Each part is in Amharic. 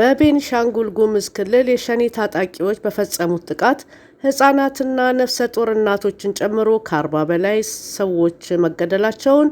በቤንሻንጉል ጉሙዝ ክልል የሸኔ ታጣቂዎች በፈጸሙት ጥቃት ህጻናትና ነፍሰ ጡር እናቶችን ጨምሮ ከአርባ በላይ ሰዎች መገደላቸውን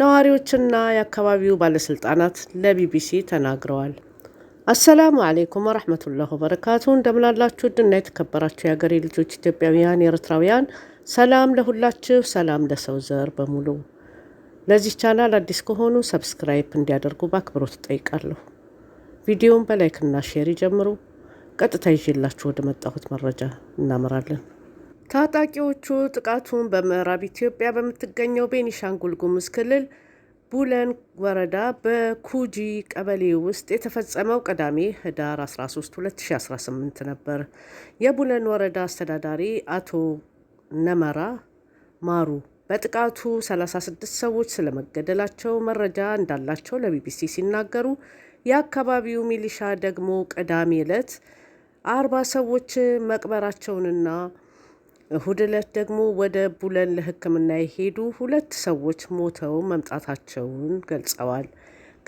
ነዋሪዎችና የአካባቢው ባለስልጣናት ለቢቢሲ ተናግረዋል። አሰላሙ አሌይኩም ወረሕመቱላሁ በረካቱ። እንደምናላችሁ ድና የተከበራችሁ የአገሬ ልጆች ኢትዮጵያውያን፣ ኤርትራውያን፣ ሰላም ለሁላችሁ፣ ሰላም ለሰው ዘር በሙሉ። ለዚህ ቻናል አዲስ ከሆኑ ሰብስክራይብ እንዲያደርጉ በአክብሮት እጠይቃለሁ። ቪዲዮውን በላይክና ሼር ይጀምሩ። ቀጥታ ይዤላችሁ ወደ መጣሁት መረጃ እናመራለን። ታጣቂዎቹ ጥቃቱን በምዕራብ ኢትዮጵያ በምትገኘው ቤኒሻንጉል ጉሙዝ ክልል ቡለን ወረዳ በኩጂ ቀበሌ ውስጥ የተፈጸመው ቅዳሜ ህዳር 13 2018 ነበር። የቡለን ወረዳ አስተዳዳሪ አቶ ነመራ ማሩ በጥቃቱ 36 ሰዎች ስለመገደላቸው መረጃ እንዳላቸው ለቢቢሲ ሲናገሩ የአካባቢው ሚሊሻ ደግሞ ቅዳሜ ዕለት አርባ ሰዎች መቅበራቸውንና እሁድ ዕለት ደግሞ ወደ ቡለን ለሕክምና የሄዱ ሁለት ሰዎች ሞተው መምጣታቸውን ገልጸዋል።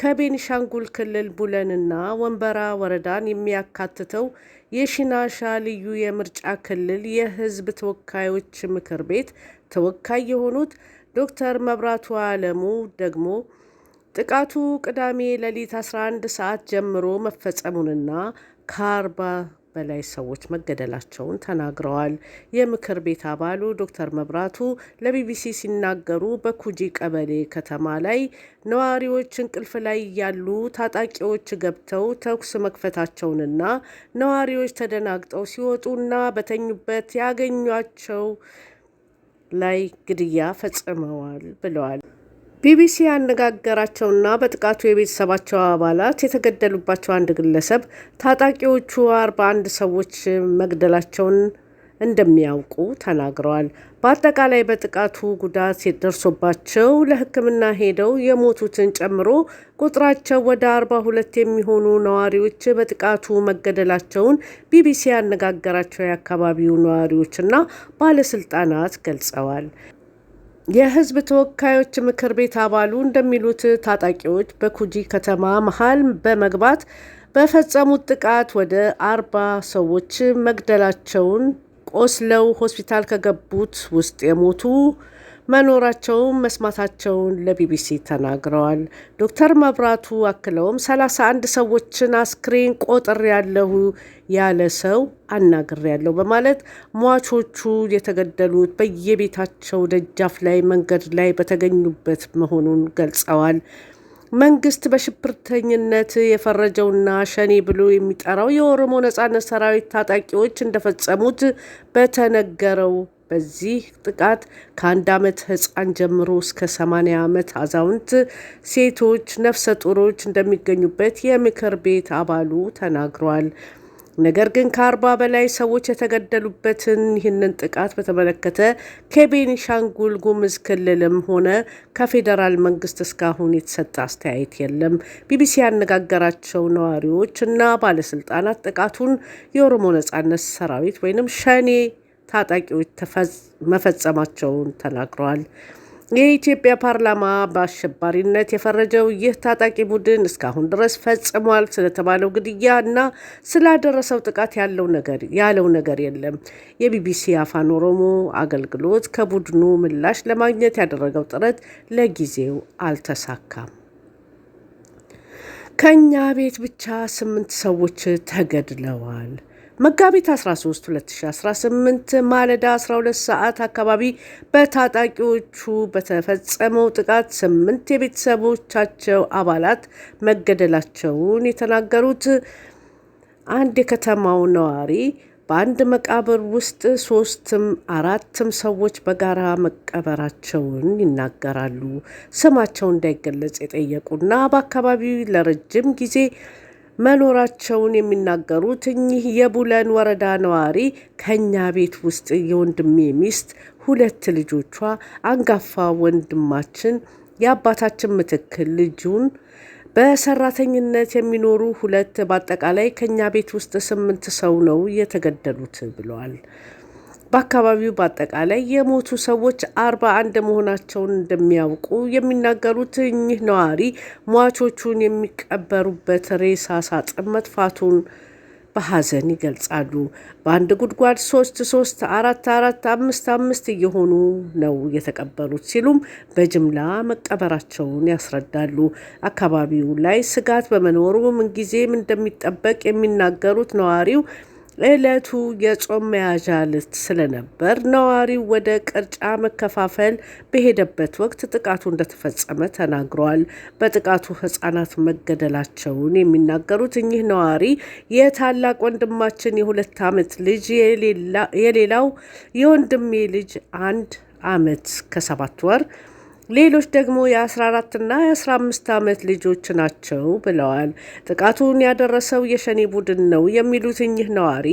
ከቤኒሻንጉል ክልል ቡለንና ወንበራ ወረዳን የሚያካትተው የሽናሻ ልዩ የምርጫ ክልል የህዝብ ተወካዮች ምክር ቤት ተወካይ የሆኑት ዶክተር መብራቱ አለሙ ደግሞ ጥቃቱ ቅዳሜ ሌሊት 11 ሰዓት ጀምሮ መፈጸሙንና ከአርባ በላይ ሰዎች መገደላቸውን ተናግረዋል። የምክር ቤት አባሉ ዶክተር መብራቱ ለቢቢሲ ሲናገሩ በኩጂ ቀበሌ ከተማ ላይ ነዋሪዎች እንቅልፍ ላይ ያሉ ታጣቂዎች ገብተው ተኩስ መክፈታቸውንና ነዋሪዎች ተደናግጠው ሲወጡና በተኙበት ያገኟቸው ላይ ግድያ ፈጽመዋል ብለዋል። ቢቢሲ ያነጋገራቸውና በጥቃቱ የቤተሰባቸው አባላት የተገደሉባቸው አንድ ግለሰብ ታጣቂዎቹ አርባ አንድ ሰዎች መግደላቸውን እንደሚያውቁ ተናግረዋል። በአጠቃላይ በጥቃቱ ጉዳት ደርሶባቸው ለሕክምና ሄደው የሞቱትን ጨምሮ ቁጥራቸው ወደ አርባ ሁለት የሚሆኑ ነዋሪዎች በጥቃቱ መገደላቸውን ቢቢሲ ያነጋገራቸው የአካባቢው ነዋሪዎችና ባለስልጣናት ገልጸዋል። የህዝብ ተወካዮች ምክር ቤት አባሉ እንደሚሉት ታጣቂዎች በኩጂ ከተማ መሃል በመግባት በፈጸሙት ጥቃት ወደ አርባ ሰዎች መግደላቸውን ቆስለው ሆስፒታል ከገቡት ውስጥ የሞቱ መኖራቸውን መስማታቸውን ለቢቢሲ ተናግረዋል። ዶክተር መብራቱ አክለውም 31 ሰዎችን አስክሬን ቆጥር ያለሁ ያለ ሰው አናግር ያለው በማለት ሟቾቹ የተገደሉት በየቤታቸው ደጃፍ ላይ መንገድ ላይ በተገኙበት መሆኑን ገልጸዋል። መንግስት በሽብርተኝነት የፈረጀውና ሸኔ ብሎ የሚጠራው የኦሮሞ ነጻነት ሰራዊት ታጣቂዎች እንደፈጸሙት በተነገረው በዚህ ጥቃት ከአንድ ዓመት ህፃን ጀምሮ እስከ 80 ዓመት አዛውንት፣ ሴቶች፣ ነፍሰ ጡሮች እንደሚገኙበት የምክር ቤት አባሉ ተናግሯል። ነገር ግን ከአርባ በላይ ሰዎች የተገደሉበትን ይህንን ጥቃት በተመለከተ ከቤኒሻንጉል ጉምዝ ክልልም ሆነ ከፌዴራል መንግስት እስካሁን የተሰጠ አስተያየት የለም። ቢቢሲ ያነጋገራቸው ነዋሪዎች እና ባለስልጣናት ጥቃቱን የኦሮሞ ነጻነት ሰራዊት ወይንም ሸኔ ታጣቂዎች መፈጸማቸውን ተናግረዋል። የኢትዮጵያ ፓርላማ በአሸባሪነት የፈረጀው ይህ ታጣቂ ቡድን እስካሁን ድረስ ፈጽሟል ስለተባለው ግድያ እና ስላደረሰው ጥቃት ያለው ነገር ያለው ነገር የለም። የቢቢሲ አፋን ኦሮሞ አገልግሎት ከቡድኑ ምላሽ ለማግኘት ያደረገው ጥረት ለጊዜው አልተሳካም። ከእኛ ቤት ብቻ ስምንት ሰዎች ተገድለዋል። መጋቢት 13 2018 ማለዳ 12 ሰዓት አካባቢ በታጣቂዎቹ በተፈጸመው ጥቃት ስምንት የቤተሰቦቻቸው አባላት መገደላቸውን የተናገሩት አንድ የከተማው ነዋሪ በአንድ መቃብር ውስጥ ሶስትም አራትም ሰዎች በጋራ መቀበራቸውን ይናገራሉ። ስማቸው እንዳይገለጽ የጠየቁና በአካባቢው ለረጅም ጊዜ መኖራቸውን የሚናገሩት እኚህ የቡለን ወረዳ ነዋሪ ከእኛ ቤት ውስጥ የወንድሜ ሚስት ሁለት ልጆቿ አንጋፋ ወንድማችን የአባታችን ምትክል ልጁን በሰራተኝነት የሚኖሩ ሁለት በአጠቃላይ ከእኛ ቤት ውስጥ ስምንት ሰው ነው የተገደሉት ብለዋል። በአካባቢው በአጠቃላይ የሞቱ ሰዎች አርባ አንድ መሆናቸውን እንደሚያውቁ የሚናገሩት እኚህ ነዋሪ ሟቾቹን የሚቀበሩበት ሬሳ ሳጥን መጥፋቱን በሐዘን ይገልጻሉ። በአንድ ጉድጓድ ሶስት ሶስት አራት አራት አምስት አምስት እየሆኑ ነው የተቀበሩት ሲሉም በጅምላ መቀበራቸውን ያስረዳሉ። አካባቢው ላይ ስጋት በመኖሩ ምንጊዜም እንደሚጠበቅ የሚናገሩት ነዋሪው ዕለቱ የጾም መያዣ ዕለት ስለነበር ነዋሪው ወደ ቅርጫ መከፋፈል በሄደበት ወቅት ጥቃቱ እንደተፈጸመ ተናግረዋል። በጥቃቱ ሕጻናት መገደላቸውን የሚናገሩት እኚህ ነዋሪ የታላቅ ወንድማችን የሁለት ዓመት ልጅ የሌላው የወንድሜ ልጅ አንድ ዓመት ከሰባት ወር ሌሎች ደግሞ የ14 እና የ15 ዓመት ልጆች ናቸው ብለዋል። ጥቃቱን ያደረሰው የሸኔ ቡድን ነው የሚሉት እኚህ ነዋሪ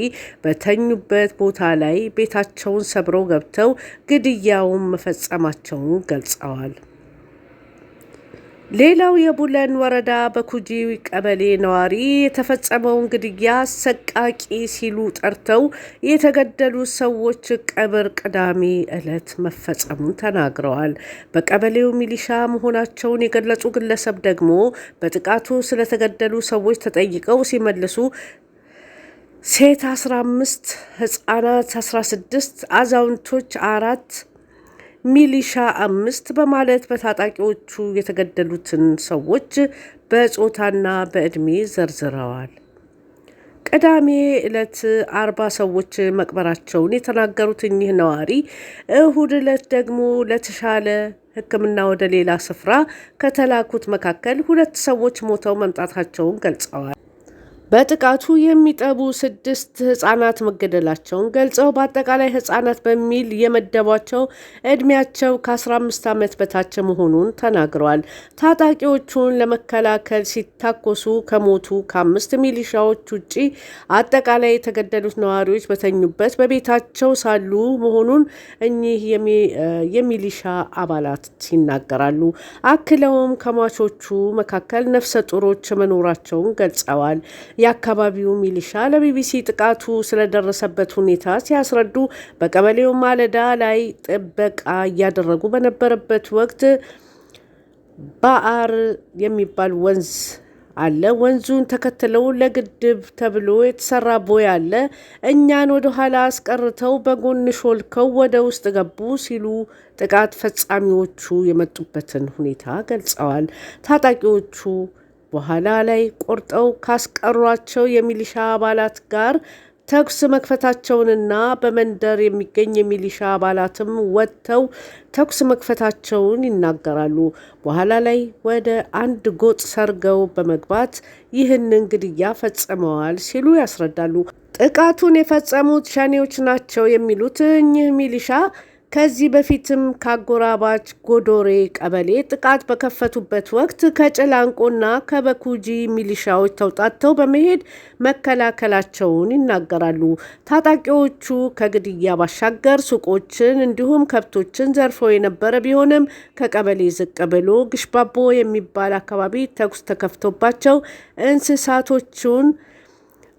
በተኙበት ቦታ ላይ ቤታቸውን ሰብረው ገብተው ግድያውን መፈጸማቸውን ገልጸዋል። ሌላው የቡለን ወረዳ በኩጂ ቀበሌ ነዋሪ የተፈጸመውን ግድያ አሰቃቂ ሲሉ ጠርተው የተገደሉ ሰዎች ቀብር ቅዳሜ ዕለት መፈጸሙን ተናግረዋል። በቀበሌው ሚሊሻ መሆናቸውን የገለጹ ግለሰብ ደግሞ በጥቃቱ ስለተገደሉ ሰዎች ተጠይቀው ሲመልሱ ሴት 15 ሕፃናት 16 አዛውንቶች አራት ሚሊሻ አምስት በማለት በታጣቂዎቹ የተገደሉትን ሰዎች በጾታና በዕድሜ ዘርዝረዋል። ቅዳሜ ዕለት አርባ ሰዎች መቅበራቸውን የተናገሩት እኚህ ነዋሪ እሁድ ዕለት ደግሞ ለተሻለ ሕክምና ወደ ሌላ ስፍራ ከተላኩት መካከል ሁለት ሰዎች ሞተው መምጣታቸውን ገልጸዋል። በጥቃቱ የሚጠቡ ስድስት ህጻናት መገደላቸውን ገልጸው በአጠቃላይ ህጻናት በሚል የመደቧቸው እድሜያቸው ከ15 ዓመት በታች መሆኑን ተናግረዋል። ታጣቂዎቹን ለመከላከል ሲታኮሱ ከሞቱ ከአምስት ሚሊሻዎች ውጪ አጠቃላይ የተገደሉት ነዋሪዎች በተኙበት በቤታቸው ሳሉ መሆኑን እኚህ የሚሊሻ አባላት ይናገራሉ። አክለውም ከሟቾቹ መካከል ነፍሰ ጡሮች መኖራቸውን ገልጸዋል። የአካባቢው ሚሊሻ ለቢቢሲ ጥቃቱ ስለደረሰበት ሁኔታ ሲያስረዱ በቀበሌው ማለዳ ላይ ጥበቃ እያደረጉ በነበረበት ወቅት ባአር የሚባል ወንዝ አለ። ወንዙን ተከትለው ለግድብ ተብሎ የተሰራ ቦይ አለ። እኛን ወደ ኋላ አስቀርተው በጎን ሾልከው ወደ ውስጥ ገቡ ሲሉ ጥቃት ፈጻሚዎቹ የመጡበትን ሁኔታ ገልጸዋል። ታጣቂዎቹ በኋላ ላይ ቆርጠው ካስቀሯቸው የሚሊሻ አባላት ጋር ተኩስ መክፈታቸውንና በመንደር የሚገኝ የሚሊሻ አባላትም ወጥተው ተኩስ መክፈታቸውን ይናገራሉ። በኋላ ላይ ወደ አንድ ጎጥ ሰርገው በመግባት ይህንን ግድያ ፈጽመዋል ሲሉ ያስረዳሉ። ጥቃቱን የፈጸሙት ሸኔዎች ናቸው የሚሉት እኚህ ሚሊሻ ከዚህ በፊትም ከአጎራባች ጎዶሬ ቀበሌ ጥቃት በከፈቱበት ወቅት ከጨላንቆና ከበኩጂ ሚሊሻዎች ተውጣተው በመሄድ መከላከላቸውን ይናገራሉ። ታጣቂዎቹ ከግድያ ባሻገር ሱቆችን እንዲሁም ከብቶችን ዘርፈው የነበረ ቢሆንም ከቀበሌ ዝቅ ብሎ ግሽባቦ የሚባል አካባቢ ተኩስ ተከፍቶባቸው እንስሳቶቹን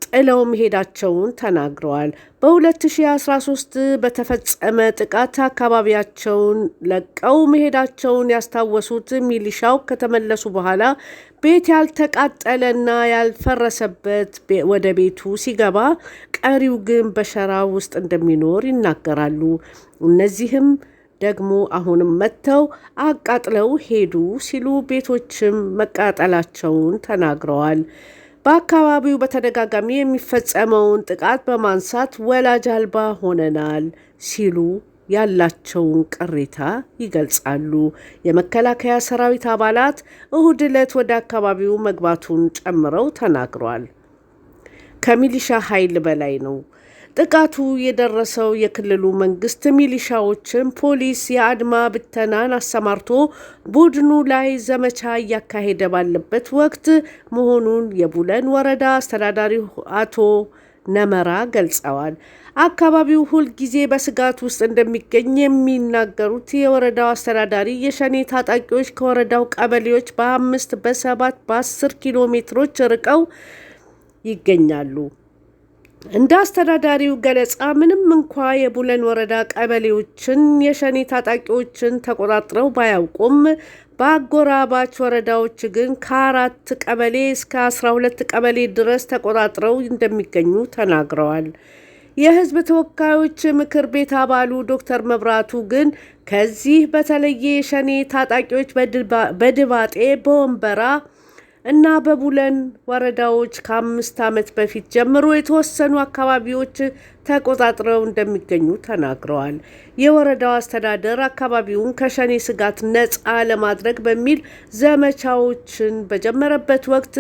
ጥለው መሄዳቸውን ተናግረዋል። በ2013 በተፈጸመ ጥቃት አካባቢያቸውን ለቀው መሄዳቸውን ያስታወሱት ሚሊሻው ከተመለሱ በኋላ ቤት ያልተቃጠለና ያልፈረሰበት ወደ ቤቱ ሲገባ፣ ቀሪው ግን በሸራ ውስጥ እንደሚኖር ይናገራሉ። እነዚህም ደግሞ አሁንም መጥተው አቃጥለው ሄዱ ሲሉ ቤቶችም መቃጠላቸውን ተናግረዋል። በአካባቢው በተደጋጋሚ የሚፈጸመውን ጥቃት በማንሳት ወላጅ አልባ ሆነናል ሲሉ ያላቸውን ቅሬታ ይገልጻሉ። የመከላከያ ሰራዊት አባላት እሁድ ዕለት ወደ አካባቢው መግባቱን ጨምረው ተናግሯል። ከሚሊሻ ኃይል በላይ ነው ጥቃቱ የደረሰው የክልሉ መንግስት ሚሊሻዎችን፣ ፖሊስ፣ የአድማ ብተናን አሰማርቶ ቡድኑ ላይ ዘመቻ እያካሄደ ባለበት ወቅት መሆኑን የቡለን ወረዳ አስተዳዳሪ አቶ ነመራ ገልጸዋል። አካባቢው ሁልጊዜ በስጋት ውስጥ እንደሚገኝ የሚናገሩት የወረዳው አስተዳዳሪ የሸኔ ታጣቂዎች ከወረዳው ቀበሌዎች በአምስት በሰባት በአስር ኪሎ ሜትሮች ርቀው ይገኛሉ። እንደ አስተዳዳሪው ገለጻ ምንም እንኳ የቡለን ወረዳ ቀበሌዎችን የሸኔ ታጣቂዎችን ተቆጣጥረው ባያውቁም በአጎራባች ወረዳዎች ግን ከአራት ቀበሌ እስከ 12 ቀበሌ ድረስ ተቆጣጥረው እንደሚገኙ ተናግረዋል። የሕዝብ ተወካዮች ምክር ቤት አባሉ ዶክተር መብራቱ ግን ከዚህ በተለየ የሸኔ ታጣቂዎች በድባጤ በወንበራ እና በቡለን ወረዳዎች ከአምስት ዓመት በፊት ጀምሮ የተወሰኑ አካባቢዎች ተቆጣጥረው እንደሚገኙ ተናግረዋል። የወረዳው አስተዳደር አካባቢውን ከሸኔ ስጋት ነፃ ለማድረግ በሚል ዘመቻዎችን በጀመረበት ወቅት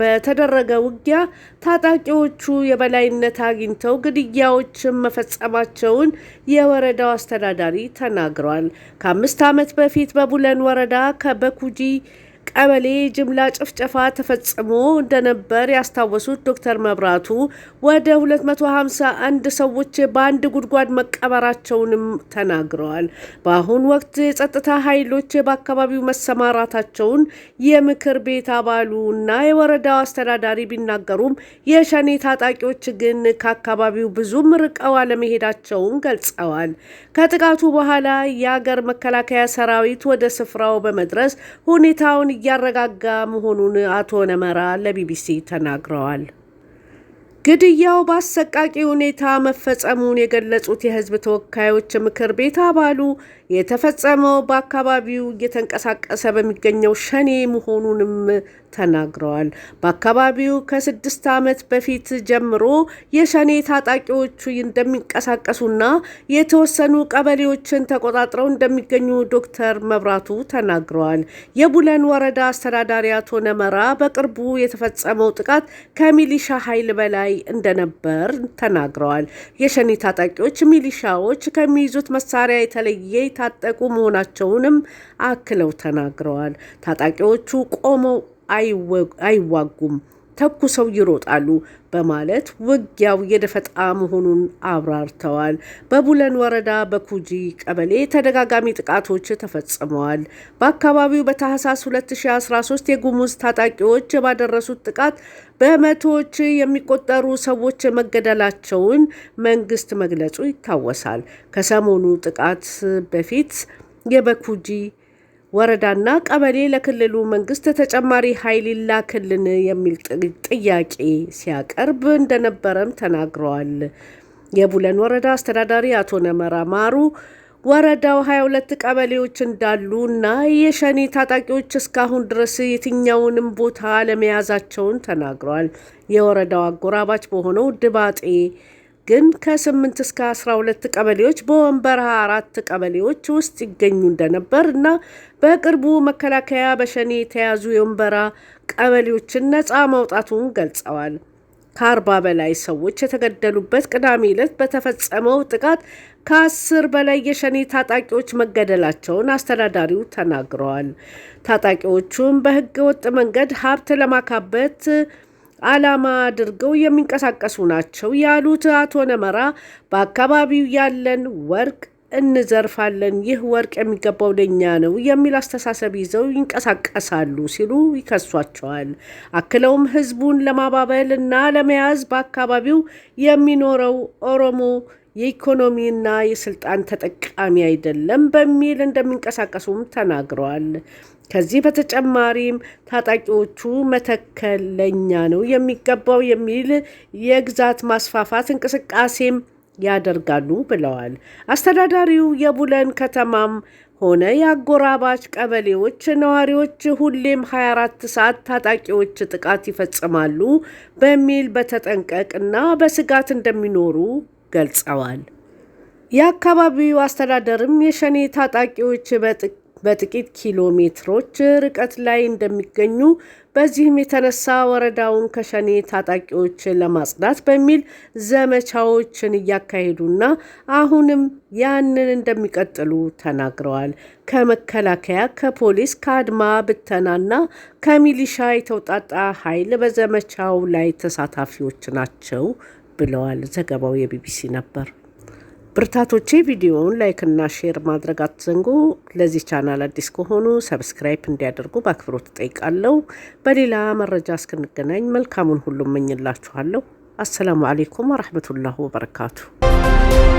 በተደረገ ውጊያ ታጣቂዎቹ የበላይነት አግኝተው ግድያዎችን መፈጸማቸውን የወረዳው አስተዳዳሪ ተናግረዋል። ከአምስት ዓመት በፊት በቡለን ወረዳ ከበኩጂ ቀበሌ ጅምላ ጭፍጨፋ ተፈጽሞ እንደነበር ያስታወሱት ዶክተር መብራቱ ወደ 251 ሰዎች በአንድ ጉድጓድ መቀበራቸውንም ተናግረዋል። በአሁን ወቅት የጸጥታ ኃይሎች በአካባቢው መሰማራታቸውን የምክር ቤት አባሉ እና የወረዳው አስተዳዳሪ ቢናገሩም የሸኔ ታጣቂዎች ግን ከአካባቢው ብዙም ርቀው አለመሄዳቸውን ገልጸዋል። ከጥቃቱ በኋላ የአገር መከላከያ ሰራዊት ወደ ስፍራው በመድረስ ሁኔታውን እያረጋጋ መሆኑን አቶ ነመራ ለቢቢሲ ተናግረዋል። ግድያው በአሰቃቂ ሁኔታ መፈጸሙን የገለጹት የሕዝብ ተወካዮች ምክር ቤት አባሉ የተፈጸመው በአካባቢው እየተንቀሳቀሰ በሚገኘው ሸኔ መሆኑንም ተናግረዋል። በአካባቢው ከስድስት ዓመት በፊት ጀምሮ የሸኔ ታጣቂዎቹ እንደሚንቀሳቀሱና የተወሰኑ ቀበሌዎችን ተቆጣጥረው እንደሚገኙ ዶክተር መብራቱ ተናግረዋል። የቡለን ወረዳ አስተዳዳሪ አቶ ነመራ በቅርቡ የተፈጸመው ጥቃት ከሚሊሻ ኃይል በላይ እንደነበር ተናግረዋል። የሸኔ ታጣቂዎች ሚሊሻዎች ከሚይዙት መሳሪያ የተለየ የታጠቁ መሆናቸውንም አክለው ተናግረዋል። ታጣቂዎቹ ቆመው አይዋጉም፣ ተኩሰው ይሮጣሉ በማለት ውጊያው የደፈጣ መሆኑን አብራርተዋል። በቡለን ወረዳ በኩጂ ቀበሌ ተደጋጋሚ ጥቃቶች ተፈጽመዋል። በአካባቢው በታህሳስ 2013 የጉሙዝ ታጣቂዎች ባደረሱት ጥቃት በመቶዎች የሚቆጠሩ ሰዎች መገደላቸውን መንግስት መግለጹ ይታወሳል። ከሰሞኑ ጥቃት በፊት የበኩጂ ወረዳና ቀበሌ ለክልሉ መንግስት ተጨማሪ ኃይል ይላክልን የሚል ጥያቄ ሲያቀርብ እንደነበረም ተናግረዋል። የቡለን ወረዳ አስተዳዳሪ አቶ ነመራ ማሩ ወረዳው 22 ቀበሌዎች እንዳሉ እና የሸኔ ታጣቂዎች እስካሁን ድረስ የትኛውንም ቦታ አለመያዛቸውን ተናግረዋል። የወረዳው አጎራባች በሆነው ድባጤ ግን ከ8 እስከ 12 ቀበሌዎች በወንበርሃ አራት ቀበሌዎች ውስጥ ይገኙ እንደነበር እና በቅርቡ መከላከያ በሸኔ የተያዙ የወንበራ ቀበሌዎችን ነፃ መውጣቱን ገልጸዋል። ከአርባ በላይ ሰዎች የተገደሉበት ቅዳሜ ዕለት በተፈጸመው ጥቃት ከአስር በላይ የሸኔ ታጣቂዎች መገደላቸውን አስተዳዳሪው ተናግረዋል። ታጣቂዎቹም በህገ ወጥ መንገድ ሀብት ለማካበት ዓላማ አድርገው የሚንቀሳቀሱ ናቸው ያሉት አቶ ነመራ በአካባቢው ያለን ወርቅ እንዘርፋለን፣ ይህ ወርቅ የሚገባው ለእኛ ነው የሚል አስተሳሰብ ይዘው ይንቀሳቀሳሉ ሲሉ ይከሷቸዋል። አክለውም ህዝቡን ለማባበል እና ለመያዝ በአካባቢው የሚኖረው ኦሮሞ የኢኮኖሚና የስልጣን ተጠቃሚ አይደለም በሚል እንደሚንቀሳቀሱም ተናግረዋል። ከዚህ በተጨማሪም ታጣቂዎቹ መተከል ለእኛ ነው የሚገባው የሚል የግዛት ማስፋፋት እንቅስቃሴም ያደርጋሉ ብለዋል። አስተዳዳሪው የቡለን ከተማም ሆነ የአጎራባች ቀበሌዎች ነዋሪዎች ሁሌም 24 ሰዓት ታጣቂዎች ጥቃት ይፈጽማሉ በሚል በተጠንቀቅና በስጋት እንደሚኖሩ ገልጸዋል። የአካባቢው አስተዳደርም የሸኔ ታጣቂዎች በጥቅ በጥቂት ኪሎ ሜትሮች ርቀት ላይ እንደሚገኙ በዚህም የተነሳ ወረዳውን ከሸኔ ታጣቂዎች ለማጽዳት በሚል ዘመቻዎችን እያካሄዱና አሁንም ያንን እንደሚቀጥሉ ተናግረዋል። ከመከላከያ፣ ከፖሊስ፣ ከአድማ ብተናና ከሚሊሻ የተውጣጣ ኃይል በዘመቻው ላይ ተሳታፊዎች ናቸው ብለዋል። ዘገባው የቢቢሲ ነበር። ብርታቶቼ ቪዲዮውን ላይክና ሼር ማድረግ አትዘንጉ። ለዚህ ቻናል አዲስ ከሆኑ ሰብስክራይብ እንዲያደርጉ በአክብሮት እጠይቃለሁ። በሌላ መረጃ እስክንገናኝ መልካሙን ሁሉ እመኝላችኋለሁ። አሰላሙ አሌይኩም ወረሕመቱላሁ ወበረካቱ።